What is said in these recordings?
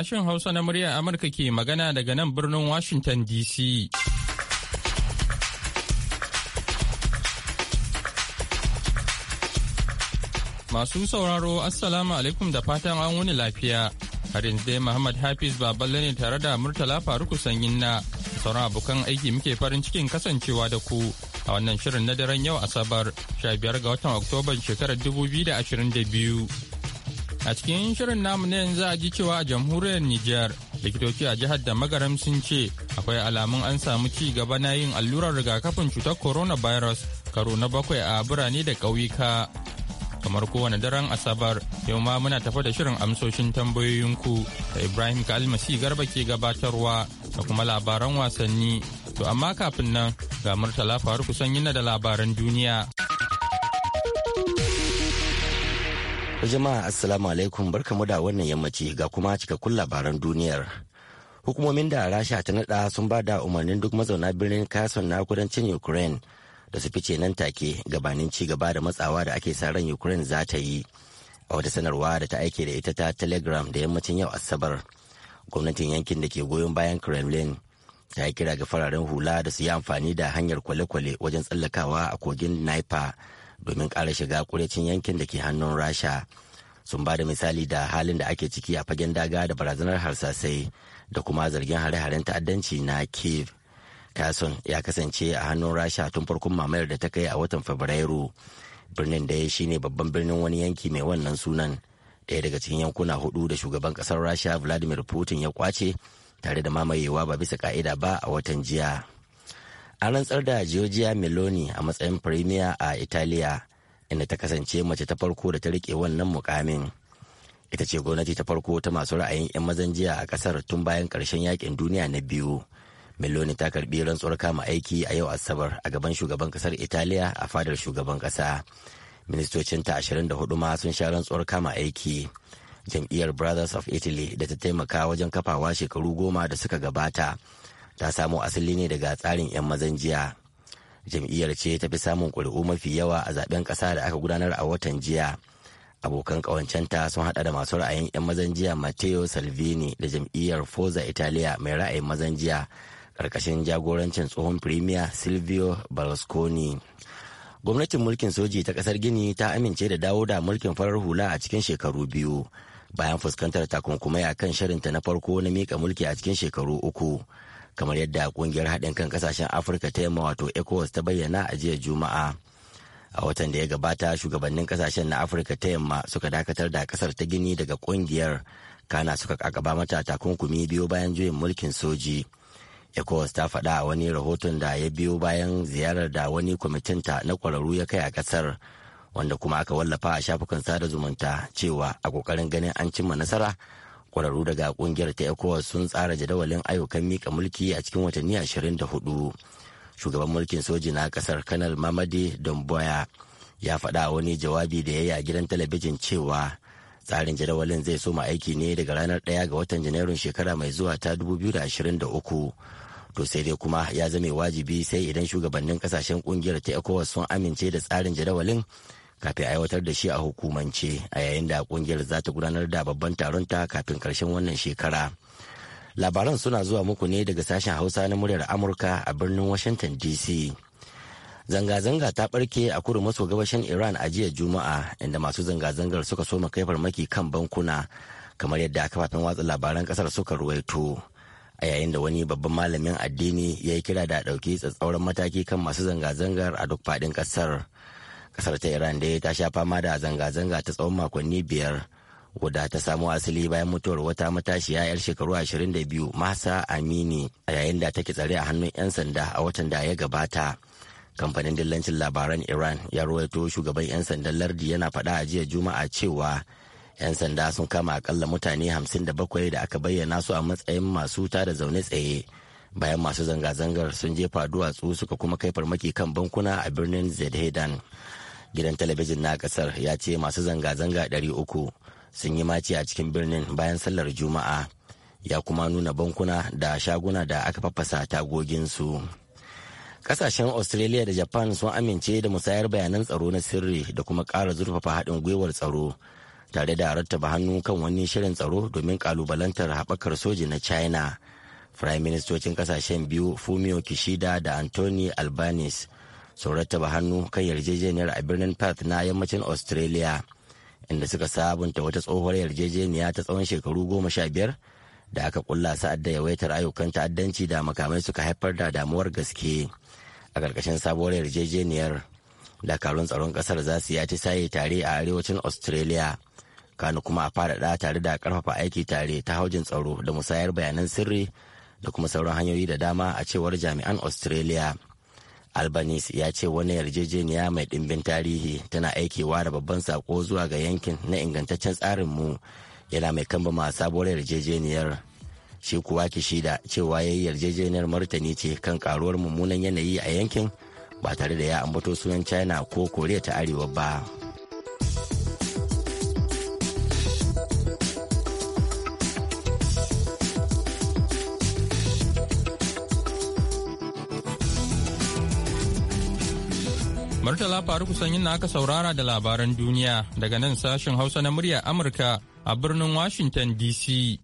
Sashen Hausa na muryar Amurka ke magana daga nan birnin Washington DC. Masu sauraro Assalamu alaikum da fatan an wuni lafiya. Har yanzu dai Muhammad Hafiz Baballe ne tare da Murtala Faruku Sanyin na sauran abokan aiki muke farin cikin kasancewa da ku a wannan shirin na daren yau Asabar 15 ga watan Oktoban shekarar 2022. A cikin shirin namu na yanzu a ji cewa a jamhuriyar Nijar likitoci a jihar da magaram sun ce akwai alamun an samu ci gaba na yin allurar rigakafin cutar coronavirus karo na bakwai a birane da ƙauyuka. Kamar kowane daren Asabar, yau ma muna tafa da shirin amsoshin tambayoyinku da Ibrahim Kalmasi Garba ke gabatarwa da kuma labaran wasanni. To amma kafin nan ga Murtala Faru kusan yana da labaran duniya. Jama'a Assalamu alaikum barkamu da wannan yammaci ga kuma cikakkun labaran duniyar. Hukumomin da Rasha ta nada sun ba da umarnin duk mazauna birnin Kherson na kudancin Ukraine da su fice nan take gabanin ci gaba da matsawa da ake sa ran Ukraine za ta yi. A wata sanarwa da ta aike da ita ta Telegram da yammacin yau Asabar. Gwamnatin yankin da ke goyon bayan Kremlin ta yi kira ga fararen hula da su yi amfani da hanyar kwale-kwale wajen tsallakawa a kogin naipa domin kara shiga kurecin yankin da ke hannun rasha sun ba da misali da halin da ake ciki a fagen daga da barazanar harsasai da kuma zargin hare-haren ta'addanci na kiev kasun ya kasance a hannun rasha tun farkon mamayar da ta kai a watan fabrairu birnin da ya shine babban birnin wani yanki mai wannan sunan ɗaya daga cikin yankuna hudu da shugaban ƙasar rasha vladimir putin ya kwace tare da mamayewa ba bisa ka'ida ba a watan jiya An rantsar da Giorgia Meloni a matsayin firimiya a Italiya inda ta kasance mace ta farko da ta rike wannan mukamin. Ita ce gwamnati ta farko ta masu ra'ayin 'yan mazan jiya a ƙasar tun bayan ƙarshen yakin duniya na biyu. Meloni ta karɓi rantsuwar kama aiki a yau Asabar a gaban shugaban ƙasar Italiya a fadar shugaban ƙasa. Ministocinta 24 ma sun sha rantsuwar kama aiki. Jam'iyyar Brothers of Italy da ta taimaka wajen kafawa shekaru goma da suka gabata ta samo asali ne daga tsarin 'yan mazan jiya jam'iyyar ce ta fi samun ƙuri'u mafi yawa a zaben ƙasa da aka gudanar a watan jiya abokan ƙawancenta sun haɗa da masu ra'ayin 'yan mazan jiya matteo salvini da jam'iyyar forza italia mai ra'ayin mazan jiya ƙarƙashin jagorancin tsohon firimiya silvio berlusconi gwamnatin mulkin soji ta ƙasar gini ta amince da dawo da mulkin farar hula a cikin shekaru biyu bayan fuskantar takunkumai a kan shirinta na farko na miƙa mulki a cikin shekaru uku kamar yadda kungiyar haɗin kan ƙasashen afirka ta yamma wato ecowas ta bayyana a jiya juma'a a watan da ya gabata shugabannin kasashen na afirka ta yamma suka dakatar da kasar ta gini daga kungiyar kana suka kakaba mata takunkumi biyo bayan juyin mulkin soji ecowas ta faɗa a wani rahoton da ya biyo bayan ziyarar da wani kwamitinta na ƙwararru ya kai a ƙasar wanda kuma aka wallafa a shafukan sada zumunta cewa a ƙoƙarin ganin an cimma nasara kwararru daga kungiyar ta ecowas sun tsara jadawalin ayyukan mika mulki a cikin watanni 24 shugaban mulkin soji na kasar kanal mamadi domboya ya faɗa wani jawabi da ya yi a gidan talabijin cewa tsarin jadawalin zai soma aiki ne daga ranar ɗaya ga watan janairun shekara mai zuwa ta 2023 to sai dai kuma ya zame wajibi sai idan shugabannin kasashen kungiyar ta ecowas sun amince da tsarin jadawalin kafin aiwatar da shi a hukumance a yayin da kungiyar za ta gudanar da babban taron ta kafin karshen wannan shekara labaran suna zuwa muku ne daga sashen hausa na muryar amurka a birnin washington dc zanga-zanga ta barke a kudu maso gabashin iran a jiya juma'a inda masu zanga-zangar suka soma kai farmaki kan bankuna kamar yadda kafafen watsa labaran kasar suka ruwaito a yayin da wani babban malamin addini ya yi kira da ɗauki tsatsauran mataki kan masu zanga-zangar a duk faɗin ƙasar kasar ta iran dai ta sha fama da zanga-zanga ta tsawon makonni biyar wadda ta samo asali bayan mutuwar wata matashiya 'yar shekaru 22 masa amini a yayin da take tsare a hannun 'yan sanda a watan da ya gabata kamfanin dillancin labaran iran ya ruwaito shugaban 'yan sandan lardi yana faɗa a jiya juma'a cewa 'yan sanda sun kama akalla mutane 57 da aka bayyana su a matsayin masu tada zaune tsaye bayan masu zanga-zangar sun jefa duwatsu suka kuma kai farmaki kan bankuna a birnin zedhedan gidan talabijin na kasar ya ce masu zanga-zanga 300 sun yi maci a cikin birnin bayan sallar juma'a ya kuma nuna bankuna da shaguna da aka faffasa tagoginsu kasashen australia da japan sun amince da musayar bayanan tsaro na sirri da kuma ƙara zurfafa haɗin gwiwar tsaro tare da rattaba hannu kan wani shirin tsaro domin ƙalubalantar haɓakar soji na china Firayim Ministocin kasashen biyu Fumio Kishida da Anthony Albanese sun rattaba hannu kan yarjejeniyar a birnin Perth na yammacin Australia inda suka sabunta wata tsohuwar yarjejeniya ta tsawon shekaru goma sha biyar da aka kulla sa'ad da yawaitar ayyukan ta'addanci da makamai suka haifar da damuwar gaske a ƙarƙashin sabuwar yarjejeniyar dakarun tsaron ƙasar za su yaci saye tare a arewacin australia kano kuma a faɗaɗa tare da ƙarfafa aiki tare ta haujin tsaro da musayar bayanan sirri da kuma sauran hanyoyi da dama a cewar jami'an australia albanese ya ce wani yarjejeniya mai ɗimbin tarihi tana aikewa da babban sako zuwa ga yankin na ingantaccen tsarinmu yana mai kambama sabuwar yarjejeniyar shi kuwa kishida cewa ya yi yarjejeniyar martani ce kan karuwar mummunan yanayi a yankin ba tare da ya ambato sunan china ko koriya ta arewa ba. Murtala Faruku sanyin na aka saurara da labaran duniya daga nan sashen Hausa na murya Amurka a birnin Washington DC.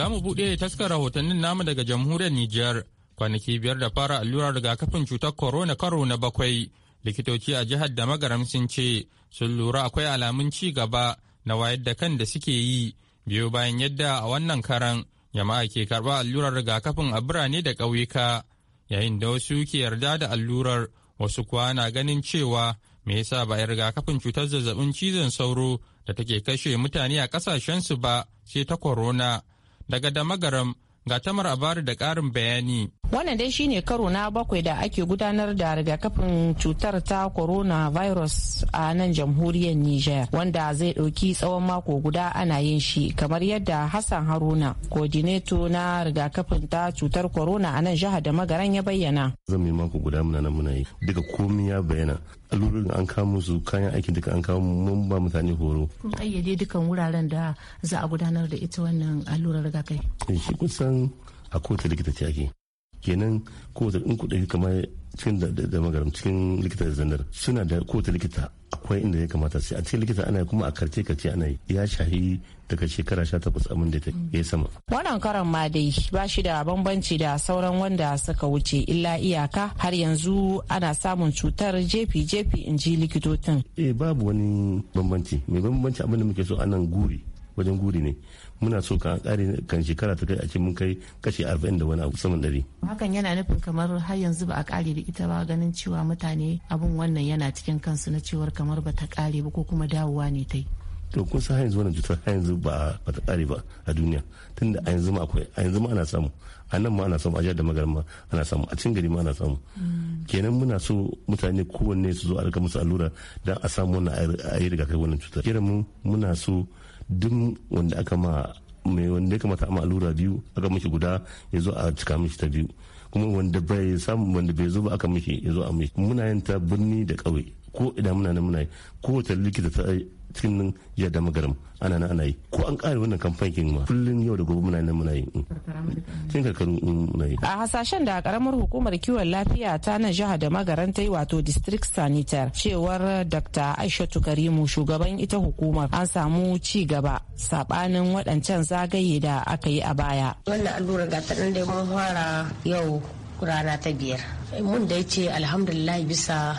Za mu buɗe taskar rahotannin namu daga jamhuriyar Nijar kwanaki biyar da fara allurar rigakafin cutar korona karo na bakwai. Likitoci a jihar da magaram sun ce sun lura akwai alamun ci gaba na wayar da kan da suke yi biyo bayan yadda a wannan karan jama'a ke karɓa allurar rigakafin a birane da ƙauyuka yayin da wasu ke yarda da allurar wasu kuwa na ganin cewa me yasa ba a rigakafin cutar zazzabin cizon sauro da take kashe mutane a ƙasashensu ba sai ta korona. Daga Damagaram ga tamar abari da ƙarin bayani. wannan dai shine karo na bakwai da ake gudanar da rigakafin cutar ta coronavirus a nan jamhuriyar niger wanda zai ɗauki tsawon mako guda ana yin shi kamar yadda hassan haruna coordinator na rigakafin ta cutar corona a nan jihar da magaran ya bayyana zan yi mako guda muna nan muna yi duka komai ya bayyana alurin an kamo su kayan aiki duka an kawo mun ba mutane horo kun ayyade dukan wuraren da za a gudanar da ita wannan allurar rigakafi eh, shi kusan a kowace likita ce ake kenan da in kuɗi kamar cikin da magaram cikin likita da zanar suna da ta likita akwai inda ya kamata sai a cikin likita ana kuma a karce karce ana ya shahi daga shekara sha takwas abin da ta ya sama. wannan karan ma dai ba shi da bambanci da sauran wanda suka wuce illa iyaka har yanzu ana samun cutar jefi jefi in ji likitotin. eh babu wani bambanci mai bambanci abin da muke so anan guri wajen guri ne muna so kan kare kan shekara ta kai a ce mun kai kashi arba'in da wani abu saman ɗari. hakan yana nufin kamar har yanzu ba a kare da ita ba ganin cewa mutane abun wannan yana cikin kansu na cewar kamar ba ta kare ba ko kuma dawowa ne ta yi. to kun san yanzu wannan cutar har yanzu ba ba ta kare ba a duniya tunda a yanzu ma akwai a yanzu ma ana samu a nan ma ana samu a jihar da ma ana samu a cikin gari ma ana samu mm. kenan muna so mutane kowanne su zo a rika musu allura don a samu wannan a yi rigakafi wannan cutar kiran mu muna so duk wanda aka ma mai wanda ya kamata amma allura biyu aka mishi guda ya zo a cika mishi ta biyu kuma wanda bai samu wanda bai zo ba aka mishi ya zo a mishi muna yin ta birni da ƙauye ko idan muna nan muna yi kowace likita ta cikin nan ya da magaram ana na ana yi ko an kare wannan kamfanin ma kullun yau da gobe muna nan muna yi cikin mm. karkarun mm, muna yi a hasashen da karamar hukumar kiwon lafiya ta nan jihar da magaran ta yi wato district sanitar cewar dr aishatu karimu shugaban ita hukumar an samu ci gaba sabanin waɗancan zagaye da aka yi a baya wannan allurar gatarin da mun fara yau rana ta biyar mun da ce alhamdulillah bisa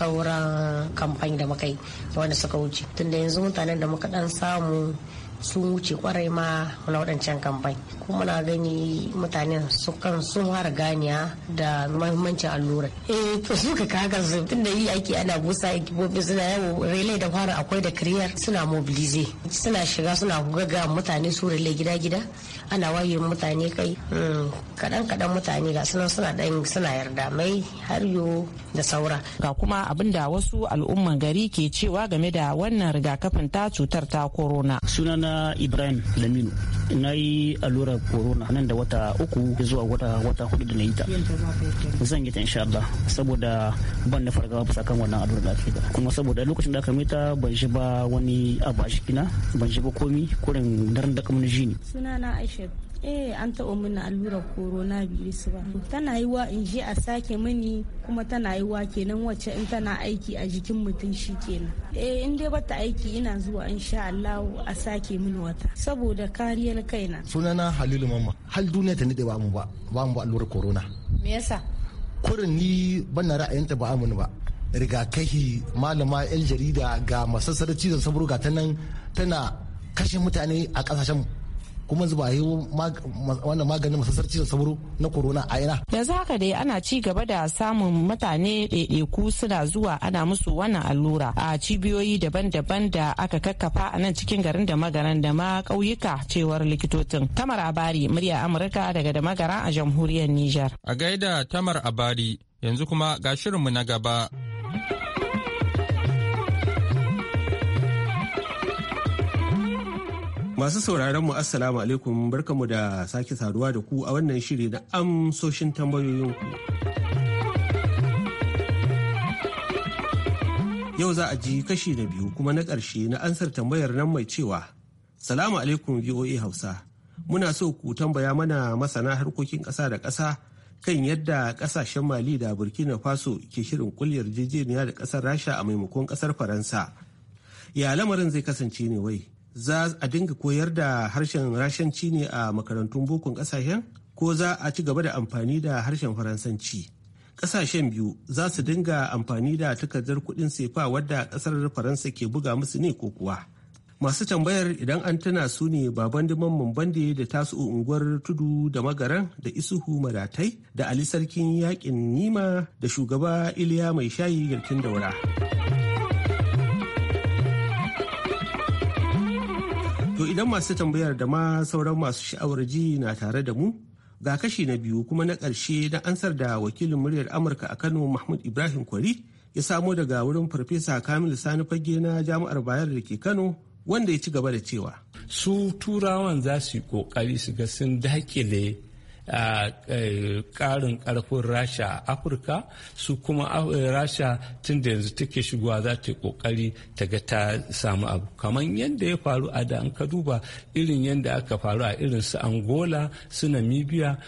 sauran kamfani da muka yi wanda suka wuce tunda yanzu mutanen da muka dan samu sun wuce kwarai ma na waɗancan kamfai kuma na gani mutanen su kan sun fara ganiya da mahimmancin allurar eh to su ka kaga su tunda yi ake ana busa ekibobi suna yawo relay da fara akwai da kiriyar suna mobilize suna shiga suna gaga mutane su relay gida gida ana waye mutane kai hmm, kadan kadan mutane ga suna suna dan suna yarda mai har yo da saura ga kuma abinda wasu al'umman gari ke cewa game da wannan rigakafin ta cutar ta corona sunana sunana ibrahim laminu na yi allurar corona nan da wata uku zuwa wata wata hudu da na yi ta zan yi ta insha Allah saboda ban na fargaba ba kan wannan allurar lafiya kuma saboda lokacin da aka mita ban shi ba wani abu a shikina ban shi ba komi kurin daren da kamar ne sunana aisha eh an taɓa mini allurar corona virus ba tana yi wa in je a sake mini kuma tana yi wa kenan wacce in tana aiki a jikin mutum shi kenan eh in dai bata aiki ina zuwa in sha Allah a sake mini wata saboda kariyar kaina sunana Halilu Mamma hal duniya ta nade ba mu ba ba mu ba allurar corona me yasa kurin ni bana ra'ayinta ba mu ba Rigakahi malama yan jarida ga masassarar cizon sabro ga ta tana kashe mutane a kasashen kuma zuba yi wannan maganin masasar cizon sauro na corona a ina yanzu haka dai ana ci gaba da samun mutane ɗaiɗaiku suna zuwa ana musu wannan allura a cibiyoyi daban-daban da aka kakkafa a nan cikin garin da magaran da ma ƙauyuka cewar likitocin tamar abari murya amurka daga da magara a jamhuriyar niger. a gaida tamar abari yanzu kuma ga shirinmu na gaba Masu sauraron mu Assalamu alaikum barkamu da sake saduwa da ku a wannan shiri na amsoshin tambayoyinku. Yau za a ji kashi na biyu kuma na ƙarshe na ansar tambayar nan mai cewa Salamu alaikum VOA Hausa. Muna so ku tambaya mana masana harkokin ƙasa da ƙasa kan yadda ƙasashen Mali da Burkina Faso ke shirin kulliyar yarjejeniya da ƙasar Rasha a maimakon ƙasar Faransa. Ya lamarin zai kasance ne wai. za a dinga koyar da harshen rashanci ne a makarantun bokon kasashen ko za a ci gaba da amfani da harshen faransanci kasashen biyu za su dinga amfani da takardar kudin sefa wadda ƙasar faransa ke buga musu ne ko kuwa masu tambayar idan an tana su ne baban diman bande da tasu unguwar tudu da magaran da isuhu madatai da ali sarkin yakin nima da shugaba iliya mai shayi garkin daura. To idan masu tambayar da ma sauran masu sha'awar ji na tare da mu ga kashi na biyu kuma na ƙarshe na ansar da wakilin muryar Amurka a Kano Mahmud Ibrahim Kwari ya samo daga wurin Farfesa Kamilu Sani Fage na Jami'ar Bayar da ke Kano wanda ya ci gaba da cewa. Su turawan za su yi ƙoƙari su ga sun dakile karin karfin rasha a afirka su kuma rasha tun da yanzu take shigowa za ta yi kokari ta ga ta samu abu kamar yadda ya faru a da ka duba irin yadda aka faru a irin su angola su namibia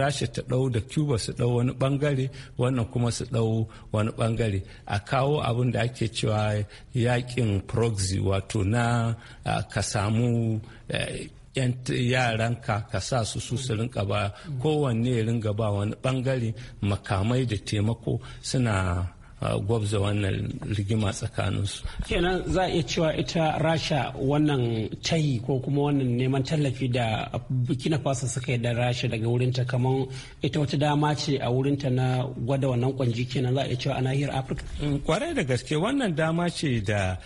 rasha ta ɗau da cuba su ɗau wani bangare wannan kuma su ɗau wani bangare a kawo abin da ake cewa yakin proxy wato na ka samu eh, yaran ka ka sa su su su rinka ba kowanne ringa ba wani bangare makamai da taimako suna gwabza wannan rigima tsakaninsu. kenan za a iya cewa ita rasha wannan tayi ko kuma wannan neman tallafi da burkina faso suka yi da rasha daga wurinta kamar ita wata dama ce a wurinta na gwada wannan kwanji kenan za a iya cewa a nahiyar afirka mm, kwarai da gaske wannan dama ce da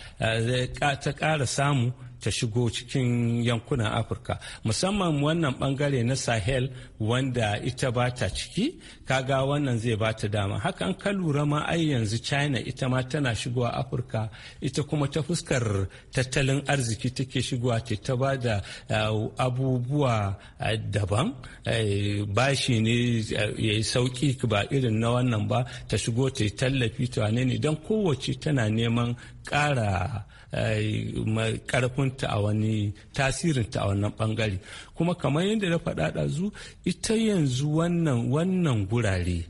ta kara samu ta shigo cikin yankunan afirka musamman wannan bangare na sahel wanda ita ba ta ciki kaga wannan zai ba ta dama hakan ka lura ma ai yanzu china ita ma tana shigowa afirka ita kuma ta fuskar tattalin arziki take shigowa ta ta ba da eh, abubuwa eh, daban eh, bashi ne ya yi sauki ba irin na wannan ba ta shigo ta yi tallafi ta ne don kowace tana neman ƙara karfin ta a wani tasirin ta a wannan bangare kuma kamar yadda na faɗa ɗazu ita yanzu wannan wannan gurare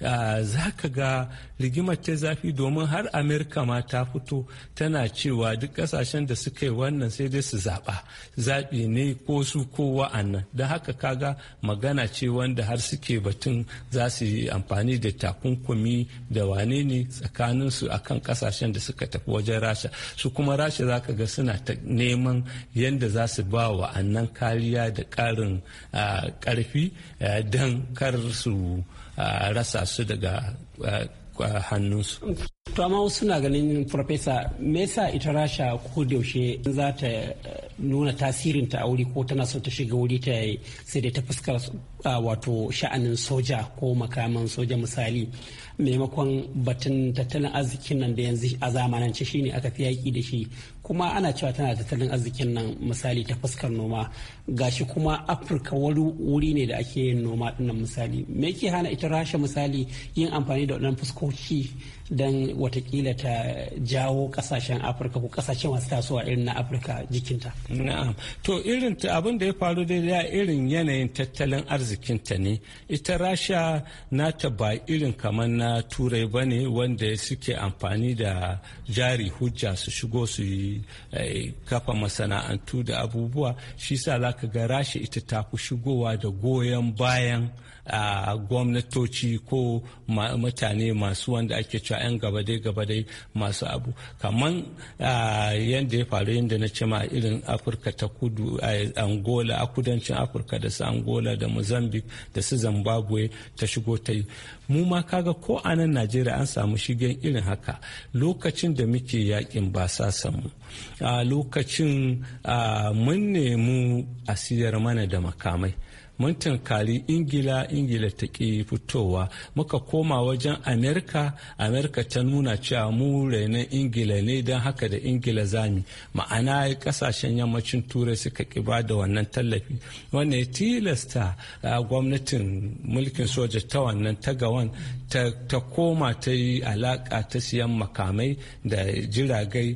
Ah, za ka ga rigimar ta zafi domin har amerika ma ta fito tana cewa duk kasashen da suka yi wannan sai dai su zaɓa zaɓi ne ko su ko wa'annan don haka ka ga magana ce wanda har suke batun za su yi amfani da takunkumi da wane ne tsakanin su akan kasashen da suka tafi wajen rasha su kuma rasha za ka ga suna ta neman yadda za su ba wa'annan kariya da ƙarin ah, ƙarfi eh, don kar su A rasa su daga hannunsu. To amma wasu na ganin farfesa me yasa ita rasha ko da yaushe za ta eh, nuna tasirin ta wuri ko tana so ta shiga wuri ta yi sai dai ta fuskar wato sha'anin soja ko makaman soja misali maimakon batun tattalin arzikin nan da yanzu a zamanance shine aka fi yaki da shi kuma ana cewa tana tattalin arzikin nan misali ta fuskar noma gashi kuma afirka wani wuri ne da ake yin noma dinnan misali me ke hana ita rasha misali yin amfani da waɗannan fuskoki don watakila ta jawo kasashen afirka ko kasashen masu tasowa irin na afirka jikinta na'am to irin abin da ya faru da irin yanayin tattalin arzikinta ne ita rasha nata ba irin kamar na turai ba ne wanda suke amfani da jari hujja su shigo su yi eh, kafa masana'antu da abubuwa shi sa za ka ga rasha ita ta fi shigowa da goyon bayan a gwamnatoci ko mutane masu wanda ake cewa 'yan gabadai gabadai masu abu kamar yadda ya faru yadda na ce ma irin afirka ta kudu a angola a kudancin afirka da su angola da mozambique da su zimbabwe ta shigo ta yi mu ma kaga ko a nan najeriya an samu shigen irin haka lokacin da muke yakin ba sa samu a lokacin mun nemi a siyar mana da makamai mun tunkari ingila ingila ta ki fitowa muka koma wajen amerika amerika ta nuna cewa mu rainon ingila ne don haka da ingila zami ma'ana kasashen yammacin turai suka ki ba da wannan tallafi wannan ya tilasta gwamnatin mulkin soja ta wannan ta gawan ta koma ta yi alaka ta siyan makamai da jiragai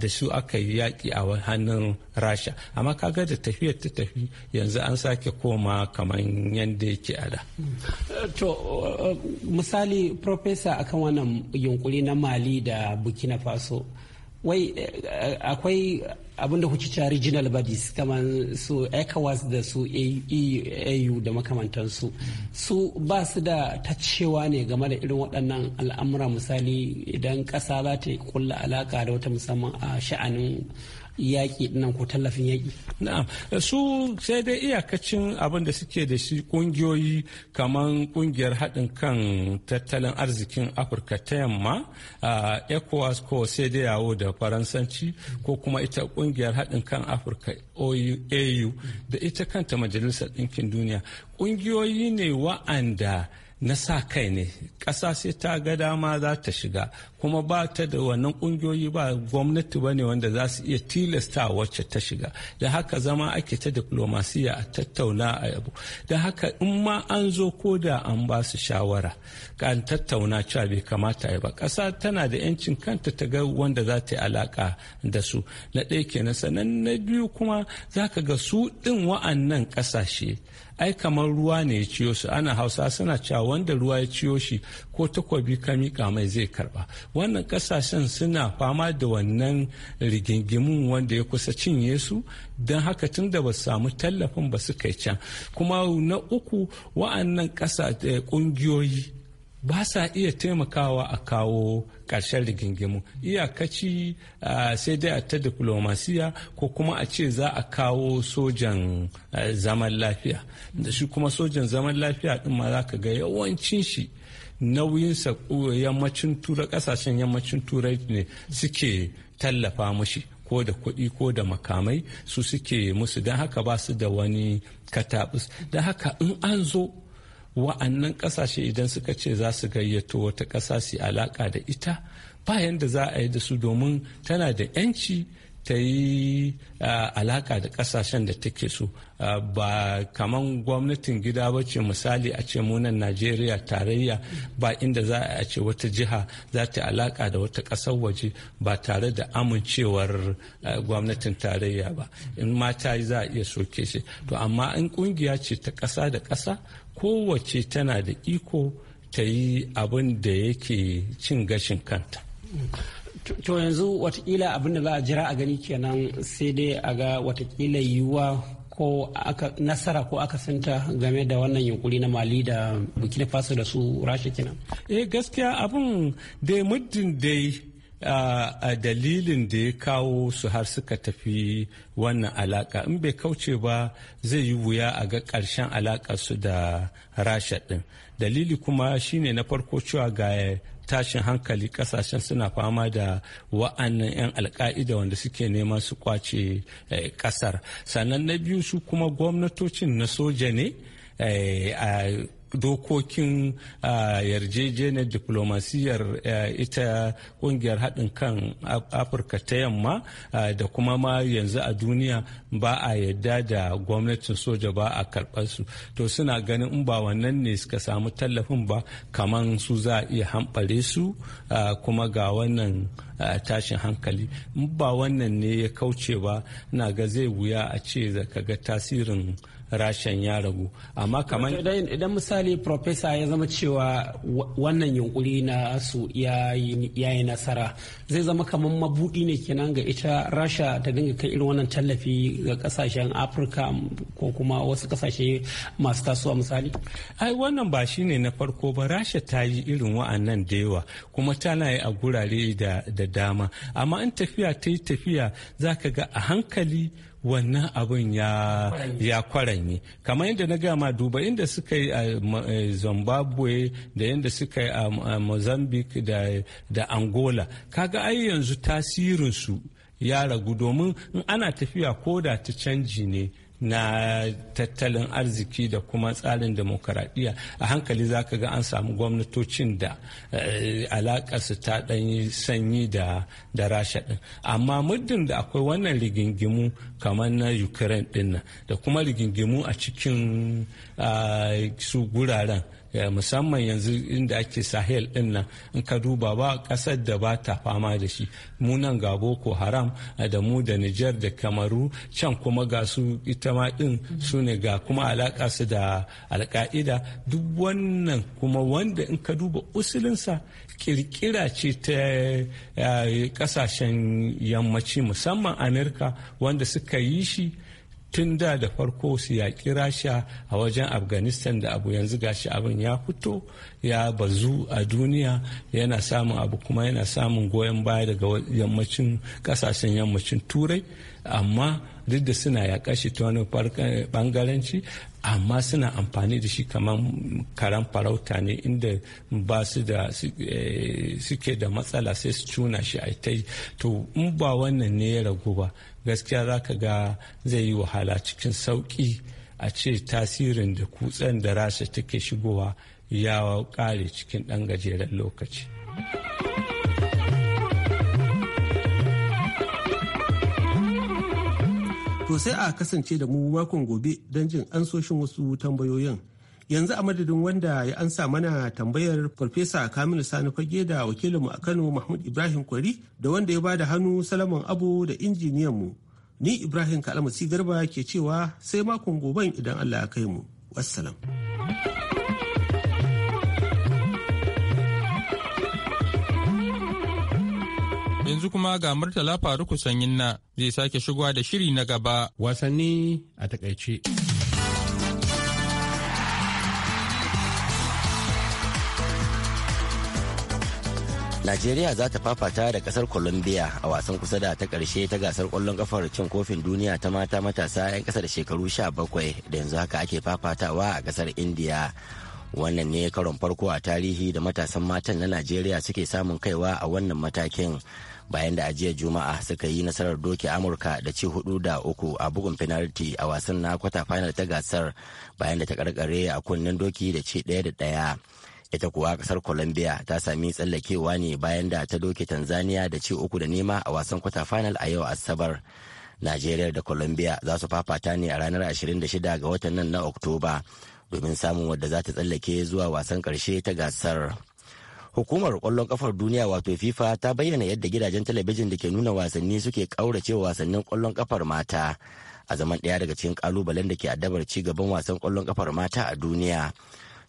da su aka yi yaƙi a hannun rasha amma kaga da tafiyar ta tafi yanzu an sake koma kuma kamar yadda yake a da. To misali Profesa akan wannan yunkuri na Mali da Burkina Faso. Wai eh, akwai abinda kuke cewa regional bodies kamar su ECOWAS da su AU e e da makamantansu su ba su da ta cewa ne game da irin waɗannan al'amura misali idan ƙasa za ta kulla alaƙa da wata musamman a sha'anin yaƙi nan ko tallafin yaƙi. Na'am su sai dai iyakacin abin da suke da shi ƙungiyoyi kamar ƙungiyar haɗin kan tattalin arzikin Afirka ta yamma ECOWAS ko sai dai yawo da Faransanci ko kuma ita ƙungiyar haɗin kan Afirka AU da ita kanta Majalisar Ɗinkin Duniya ƙungiyoyi ne wa'anda na sa kai ne ƙasa sai ta ga dama za ta shiga kuma ba ta da wannan kungiyoyi ba gwamnati ba ne wanda za su iya tilasta wacce ta shiga da haka zama ake ta diplomasiya a tattauna a yabo da haka in ma an zo ko da an ba su shawara kan tattauna cewa bai kamata ya ba ƙasa tana da 'yancin kanta ta ga wanda za ta yi alaka da su na ɗaya kenan sannan na biyu kuma za ka ga su ɗin wa'annan ƙasashe ai kamar ruwa ne ya ciyo su ana hausa suna cewa wanda ruwa ya ciyo shi ko takobi ka mika mai zai karba wannan kasashen suna fama da wannan rigingimun wanda ya kusa cinye su don haka tun da ba samu tallafin ba su kai can kuma na uku wa'annan ƙasa eh, ƙungiyoyi ba sa iya taimakawa a kawo ƙarshen rigingimu iyakaci sai dai a ta diplomasiya ko kuma a ce za a kawo sojan eh, zaman lafiya da shi kuma sojan zaman lafiya ɗin ma za ka ga yawancin shi nauyinsa yammacin turai kasashen yammacin turai ne suke tallafa mushi ko da kuɗi ko da makamai su suke musu don haka ba su da wani katabus don haka in an zo wa'annan kasashe idan suka ce za su gayyato wata ƙasa su alaka da ita bayan da za a yi da su domin tana da 'yanci ta yi alaka da kasashen da take so ba kaman gwamnatin gida ba ce misali a ce munan najeriya tarayya ba inda za a ce wata jiha za ta alaka da wata ƙasar waje ba tare da amincewar gwamnatin tarayya ba in mata za a iya soke shi to amma in kungiya ce ta ƙasa da ƙasa kowace tana da iko ta yi abin da yake cin gashin kanta to yanzu watakila abin da za a jira a gani kenan sai dai a ga watakila yiwuwa ko aka nasara ko akasinta game da wannan yunkuri na mali da burkina faso da su rasha kenan eh gaskiya abin da muddin dai a dalilin da ya kawo su har suka tafi wannan alaka in bai kauce ba zai yi wuya a ga ƙarshen su da rasha ɗin dalili kuma shine na farko cewa ga tashin hankali kasashen suna fama da wa'annan 'yan alka'ida wanda suke nema su kwace kasar e, sannan na biyu su kuma gwamnatocin na soja ne e, a dokokin yarjejeniyar diplomasiyar ita kungiyar haɗin kan afirka ta yamma da kuma ma yanzu a duniya ba a yadda da gwamnatin soja ba a karɓar su to suna ganin in ba wannan ne suka samu tallafin ba kaman su za a iya hamɓare su kuma ga wannan tashin hankali in ba wannan ne ya kauce ba na ga zai wuya a ce ka ga tasirin rashen ya ragu amma kamar idan misali profesa ya zama cewa wannan yunkuri na su ya yi nasara zai zama kamar mabuɗi ne kenan ga ita rasha ta dinga kai irin wannan tallafi ga kasashen afirka ko kuma wasu kasashe masu tasowa misali ai wannan ba shi ne na farko ba rasha ta yi irin wa'annan da yawa kuma tana yi a gurare da dama amma in tafiya ta yi tafiya za ka ga a hankali wannan abin ya, kwaranyi kwaranye kamar yadda na gama duba inda suka yi a eh, zimbabwe da yadda suka yi a mozambique da, angola kaga ai yanzu tasirinsu ya ragu domin ana tafiya ko da ta canji ne na tattalin arziki da kuma tsarin demokaradiyya a hankali za ka ga an samu gwamnatocin da eh, alakarsu ta ɗanyi sanyi da rasha ɗin amma muddin da akwai wannan rigingimu kamar na ukraine ɗin da kuma rigingimu a cikin ah, su guraren Eh, musamman yanzu inda ake sahel din nan in ka duba ba kasar da ba ta fama da shi mu nan ga boko haram eh, da mu da nijar da kamaru can kuma ga su ita ma din su ne ga kuma alaka su da alka'ida duk wannan kuma wanda in ka duba usulinsa kirkira ce ta kasashen eh, yammaci musamman amurka wanda suka yi shi tun da da farko su yaƙi rasha a wajen afghanistan da abu yanzu gashi abin ya fito ya bazu a duniya yana samun abu kuma yana samun goyon baya daga yammacin ƙasashen yammacin turai amma duk da suna yaƙa shi ta wani bangarenci amma suna amfani da shi kamar karan farauta ne inda ba su da eh, suke da matsala sai su cuna shi a ta to in ba wannan ne ya ragu ba gaskiya za ka ga zai yi wahala cikin sauƙi a ce tasirin da kutsen da rasha take shigowa ya kare cikin ɗan gajeren lokaci. To sai a kasance da mu makon gobe don jin ansoshin wasu tambayoyin. yanzu a madadin wanda ya ansa mana tambayar farfesa kamilu sani fage da wakilinmu a kano mahmud ibrahim kwari da wanda ya bada hannu salaman abu da injiniyan mu ni ibrahim si garba ke cewa sai makon goben idan allah ya kai mu wassalam yanzu kuma ga murtala faruku sanyin na zai sake shigowa da shiri na gaba wasanni a takaice. Najeriya za ta fafata da kasar Colombia a wasan kusa da ta karshe ta gasar kwallon kafar cin kofin duniya ta mata matasa 'yan kasa da shekaru 17 da yanzu haka ake fafatawa a kasar India. Wannan ne karon farko a tarihi da matasan matan na Najeriya suke samun kaiwa a wannan matakin bayan da ajiyar Juma'a suka yi nasarar doke Amurka da ci hudu da uku a bugun penalty a wasan na kwata final ta gasar bayan da ta karkare a kunnen doki da ci ɗaya da ɗaya. ita kuwa kasar colombia ta sami tsallakewa ne bayan da ta doke tanzania da ci uku da nema a wasan kwata final a yau asabar najeriya da colombia za su fafata ne a ranar 26 ga watan nan na oktoba domin samun wadda za ta tsallake zuwa wasan karshe ta gasar hukumar kwallon kafar duniya wato fifa ta bayyana yadda gidajen talabijin da ke nuna wasanni suke kaurace wasannin kwallon kafar mata a zaman ɗaya daga cikin kalubalen da ke addabar ci gaban wasan kwallon kafar mata a duniya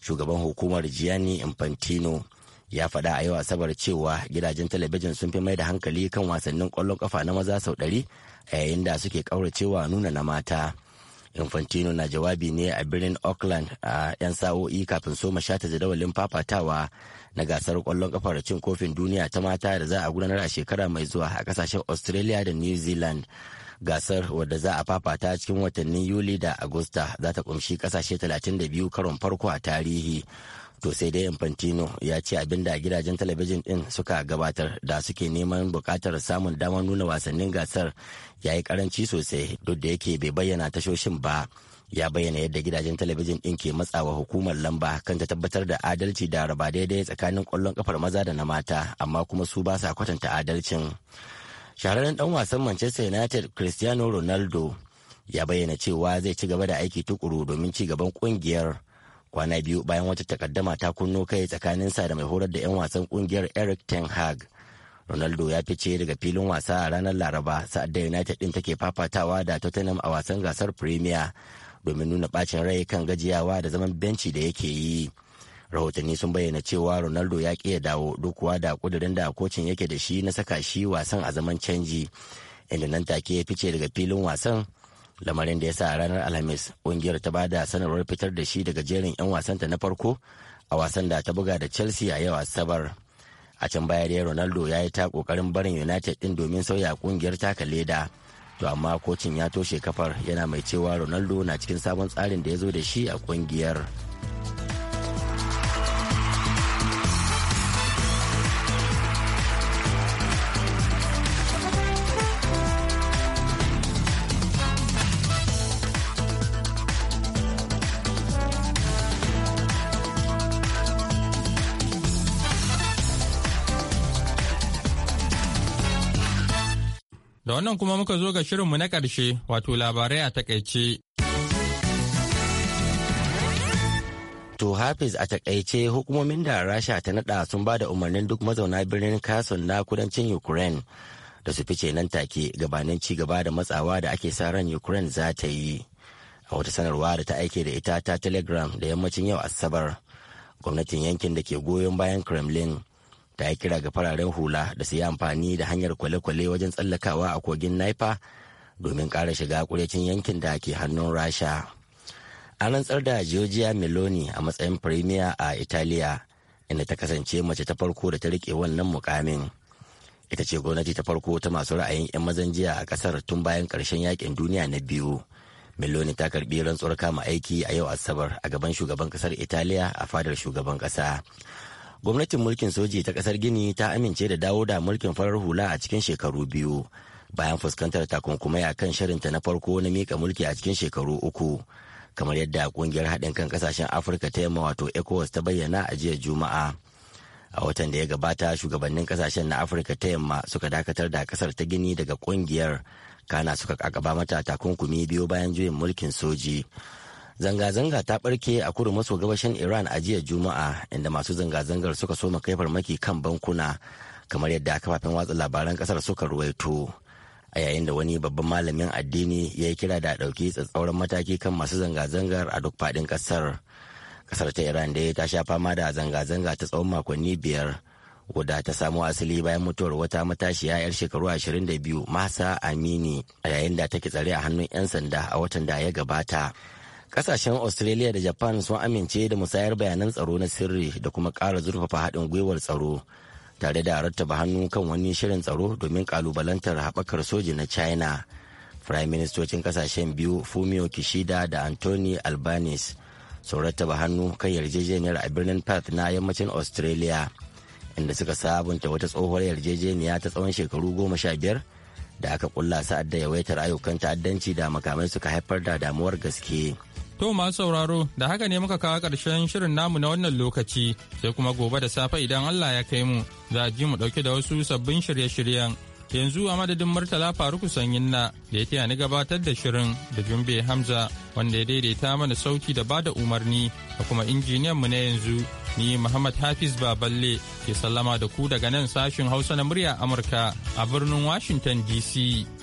shugaban hukumar gianni infantino ya faɗa a yau asabar cewa gidajen talabijin sun fi mai da hankali kan wasannin ƙwallon ƙafa na maza sau ɗari a yayin da suke ƙauracewa nuna na mata infantino na jawabi ne a birnin auckland a 'yan sa'o'i kafin soma shata jadawalin fafatawa na gasar ƙwallon ƙafa da cin kofin duniya ta mata da za a gudanar a shekara mai zuwa a ƙasashen australia da new zealand gasar wadda za a fafata cikin watannin yuli da agusta za ta kumshi kasashe 32 karon farko a tarihi to sai dai infantino ya ce abin da gidajen talabijin din suka gabatar da suke neman bukatar samun damar nuna wasannin gasar ya yi karanci sosai duk da yake bai bayyana tashoshin ba ya bayyana yadda gidajen talabijin din ke matsawa hukumar lamba kan ta tabbatar da adalci da raba daidai tsakanin kwallon kafar maza da na mata amma kuma su ba sa kwatanta adalcin shahararren dan wasan manchester united cristiano ronaldo ya bayyana cewa zai ci gaba da aiki tukuru domin ci gaban kungiyar kwana biyu bayan wata takaddama ta kunno kai tsakaninsa da mai horar da 'yan wasan kungiyar eric ten hag ronaldo ya fice daga filin wasa a ranar laraba sa'ad da united din take fafatawa da tottenham a wasan gasar premier domin nuna bacin rai kan gajiyawa da zaman benci da yake yi rahotanni sun bayyana cewa ronaldo ya ƙi ya dawo duk kuwa da kudurin da kocin yake da shi na saka shi wasan a zaman canji inda nan take ya fice daga filin wasan lamarin da ya sa ranar alhamis ƙungiyar ta bada sanarwar fitar da shi daga jerin 'yan wasan ta na farko a wasan da ta buga da chelsea a yau asabar a can baya dai ronaldo ya yi ta kokarin barin united din domin sauya ƙungiyar taka leda to amma kocin ya toshe kafar yana mai cewa ronaldo na cikin sabon tsarin da ya zo da shi a ƙungiyar. Da wannan kuma muka zo ga shirinmu na ƙarshe wato labarai a takaice. To Hafiz a takaice hukumomin da Rasha ta naɗa sun ba da umarnin duk mazauna birnin Kason na kudancin Ukraine da su fice nan take gabanin ci gaba da matsawa da ake sa ran Ukraine za ta yi. A wata sanarwa da ta aike da ita ta Telegram da yammacin yau Asabar. Gwamnatin yankin da ke goyon bayan Kremlin ta yi kira ga fararen hula da su yi amfani da hanyar kwale-kwale wajen tsallakawa a kogin naifa domin ƙara shiga kurecin yankin da ke hannun rasha an rantsar da georgia meloni a matsayin premier a italiya inda ta kasance mace ta farko da ta rike wannan mukamin ita ce gwamnati ta farko ta masu ra'ayin 'yan mazan jiya a kasar tun bayan karshen yakin duniya na biyu meloni ta karbi rantsuwar kama aiki a yau asabar a gaban shugaban kasar italiya a fadar shugaban kasa gwamnatin mulkin soji ta kasar gini ta amince da dawo da mulkin farar hula a cikin shekaru biyu bayan fuskantar takunkumai a kan shirinta na farko na miƙa mulki a cikin shekaru uku kamar yadda kungiyar haɗin kan ƙasashen afirka ta yamma wato ecowas ta bayyana a jiya juma'a a watan da ya gabata shugabannin ƙasashen na afirka ta yamma suka dakatar da ƙasar ta gini daga kungiyar kana suka kakaba mata takunkumi biyu bayan juyin mulkin soji Zanga-zanga ta ɓarke a kudu maso gabashin Iran a jiya Juma'a inda masu zanga-zangar suka soma kai farmaki kan bankuna kamar yadda kafafen watsa labaran kasar suka ruwaito. A yayin da wani babban malamin addini ya yi kira da ɗauki tsatsauran mataki kan masu zanga-zangar a duk faɗin ƙasar. Ƙasar ta Iran dai ta sha fama da zanga-zanga ta tsawon makonni biyar. wadda ta samo asali bayan mutuwar wata matashiya 'yar shekaru ashirin da biyu, masa amini a yayin da take tsare a hannun 'yan sanda a watan da ya gabata Kasashen Australia da Japan sun amince da musayar bayanan tsaro na sirri da kuma kara zurfafa haɗin gwiwar tsaro tare da rattaba hannu kan wani shirin tsaro domin ƙalubalantar haɓakar soji na China. Firayim ministocin kasashen biyu Fumio Kishida da Anthony Albanese sun rattaba hannu kan yarjejeniyar a birnin Perth na yammacin Australia inda suka sabunta wata tsohuwar yarjejeniya ta tsawon shekaru goma sha biyar da aka kulla sa'ad da yawaitar ayyukan ta'addanci da makamai suka haifar da damuwar gaske. To masu sauraro da haka ne muka kawo ƙarshen shirin namu na wannan lokaci sai kuma gobe da safe idan Allah ya kai mu za ji mu ɗauke da wasu sabbin shirye-shiryen. Yanzu a madadin Murtala Faruku Sanyin na da ya taya ni gabatar da shirin da Jumbe Hamza wanda ya daidaita mana sauki da bada umarni da kuma injiniyan mu na yanzu ni Muhammad Hafiz Baballe ke sallama da ku daga nan sashin Hausa na murya Amurka a birnin Washington DC.